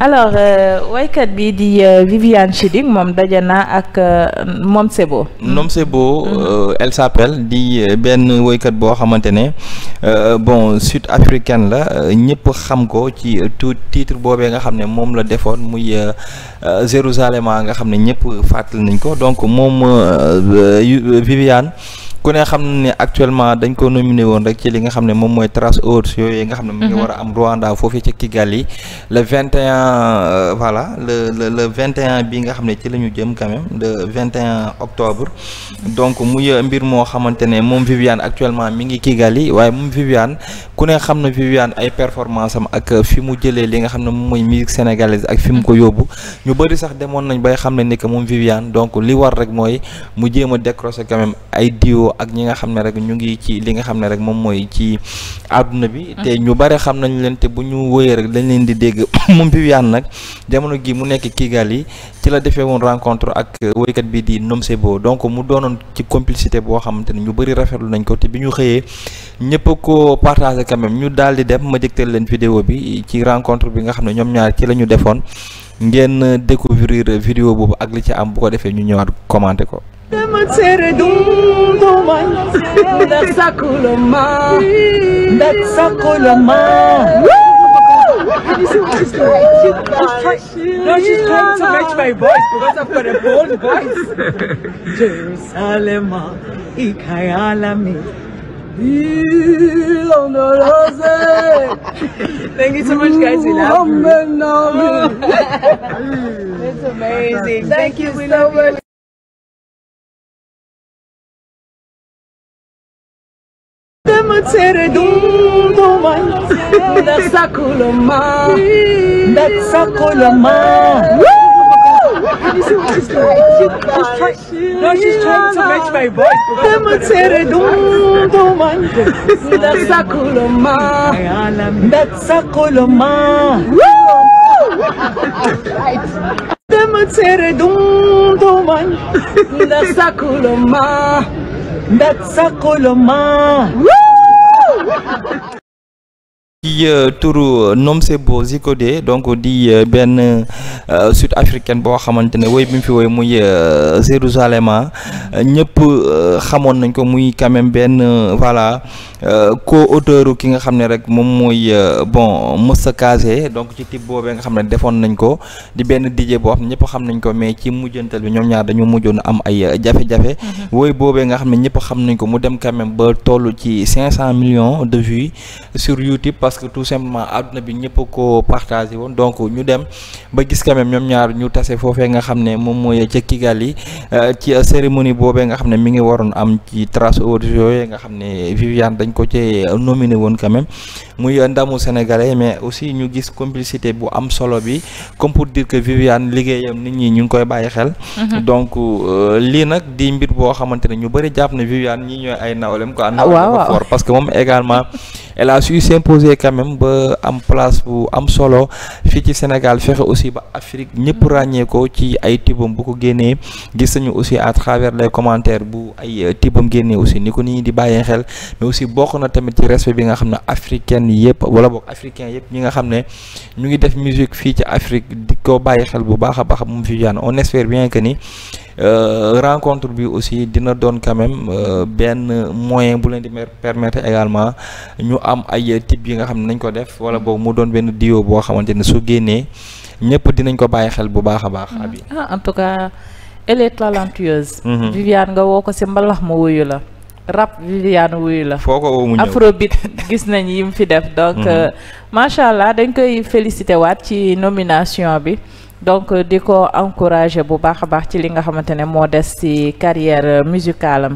alors euh, woykat bii di euh, Viviane Chidid moom daje na ak Nomcebo. Euh, Nomcebo mhm. elle s'appelle di benn waykat boo xamante ne bon sud africaine la ñëpp xam ko ci tout titre boobee nga xam ne moom la defoon muy Jérusalem nga xam ne ñëpp fàttali nañ ko donc moom Viviane. ku ne xam ne actuellement dañ ko nominé woon rek ci li nga xam ne moom mooy Trace Awards yooyu nga xam ne mu ngi mhm. war a am Rwanda foofee ca Kigali le 21 euh, voilà le le le 21 bi nga xam ne ci la ñu jëm quand même vingt 21 octobre donc muy mbir moo xamante ne moom Viviane actuellement mi ngi Kigali waaye moom Viviane ku ne xam na Viviane ay performance am ak euh, fi mu jëlee li nga xam ne moom mooy musique sénégalaise ak fi mu ko yóbbu ñu bëri sax demoon nañ bay xam ne ni que moom Viviane donc li war rek mooy mu jéem a décrocher ay duo ak ñi nga xam ne rek ñu ngi ci li nga xam ne rek moom mooy ci àdduna bi mm. te ñu bëri xam nañ leen te bu ñu wóyee rek dañ leen di dégg moom Viviane nag jamono gi mu nekk yi ci la defee woon rencontre ak euh, woykat bi di Nomcebo donc mu doonoon ci complicité boo xamante ni ñu bëri rafetlu nañ ko te bi ñu xëyee ñëpp a ko partagé quand même ñu daal di dem ma jëgtal leen vidéo bi ci rencontre bi nga xam ne ñoom ñaar ci la ñu defoon ngeen euh, découvrir vidéo boobu ak li ci am bu ko defee ñu ñëwaat commenté ko. Can you see what she's doing? She's, trying, she no, she's trying to match my voice because I've got a bold voice. Jerusalem, Ikayalami. Thank you so much, guys. We love you. it's amazing. Thank, Thank you so much. Tamo Ndasakoloma. Ndasakoloma. Can you see what she's doing? no, she's trying to match my voice. Ndasakoloma. Ndasakoloma. Woo! Ndamatsere dum duman. Ndasakoloma. Ndasakoloma. Woo! ci euh, turu euh, Nomcebo Zikode donc di euh, benn sud africaine boo xamante ne woy bi mu fi woy muy Jérusalem ñëpp xamoon nañ ko muy quand benn voilà ko auteur ki nga xam ne rek moom mooy bon Moussa donc ci type boobee nga xam ne defoon nañ ko di benn DJ boo xam ne ñëpp xam nañ ko mais ci mujjantal bi ñoom ñaar dañu mujjoon am ay jafe-jafe mm-hmm. boobee nga xam ne ñëpp xam nañ ko mu dem quand ba toll ci 500 millions de vues sur YouTube parce que tout simplement àdduna bi ñëpp ko partagé woon donc ñu dem ba gis quand ñoom ñaar ñu tase foofee nga xam ne moom mooy ca Kigali euh, ci euh, cérémonie boobee nga xam ne mi ngi waroon am ci Trace Awards yooyu nga xam ne Viviane dañ ko ci euh, nominé woon quand même muy ndamu sénégalais mais aussi ñu gis complicité bu am solo bi comme pour dire que Viviane liggéeyam nit ñi ñu ngi koy bàyyi xel. Mhm. donc lii nag di mbir boo xamante ne ñu bëri jàpp ne Viviane ñi ñooy ay ah, a quand ba am place bu am solo fii ci Sénégal fexe aussi ba Afrique ñëpp mm-hmm. ràññeekoo ci ay tibam bu ko génnee gis nañu aussi à travers les commentaires bu ay euh, tibam génnee aussi ni ko nii di bàyyee xel mais aussi bokk na tamit ci respect bi nga xam ne africain yëpp wala boog africain yëpp ñi nga xam ne ñu ngi def musique fii ci Afrique di ko bàyyi xel bu baax a baax mu moom Viviane on espère bien que ni Euh, rencontre bi aussi dina doon quand même euh, benn moyen bu leen di permettre également ñu am ay type yi nga xam ne nañ ko def wala boog mu doon benn duo boo xamante ne su génnee ñëpp dinañ ko bàyyi xel bu baax a baax. Mm-hmm. abi ah, en tout cas elle est mm-hmm. Viviane nga woo ko si mbalax ma wuyu la. rap Viviane wuyu la. foo ko woo ñëw afrobeat gis nañ yi mu fi def. donc mm-hmm. euh, macha allah dañ koy félicité waat ci nomination bi. donc euh, di ko encourager bu baax a baax ci li nga xamante ne moo des ci carrière musicale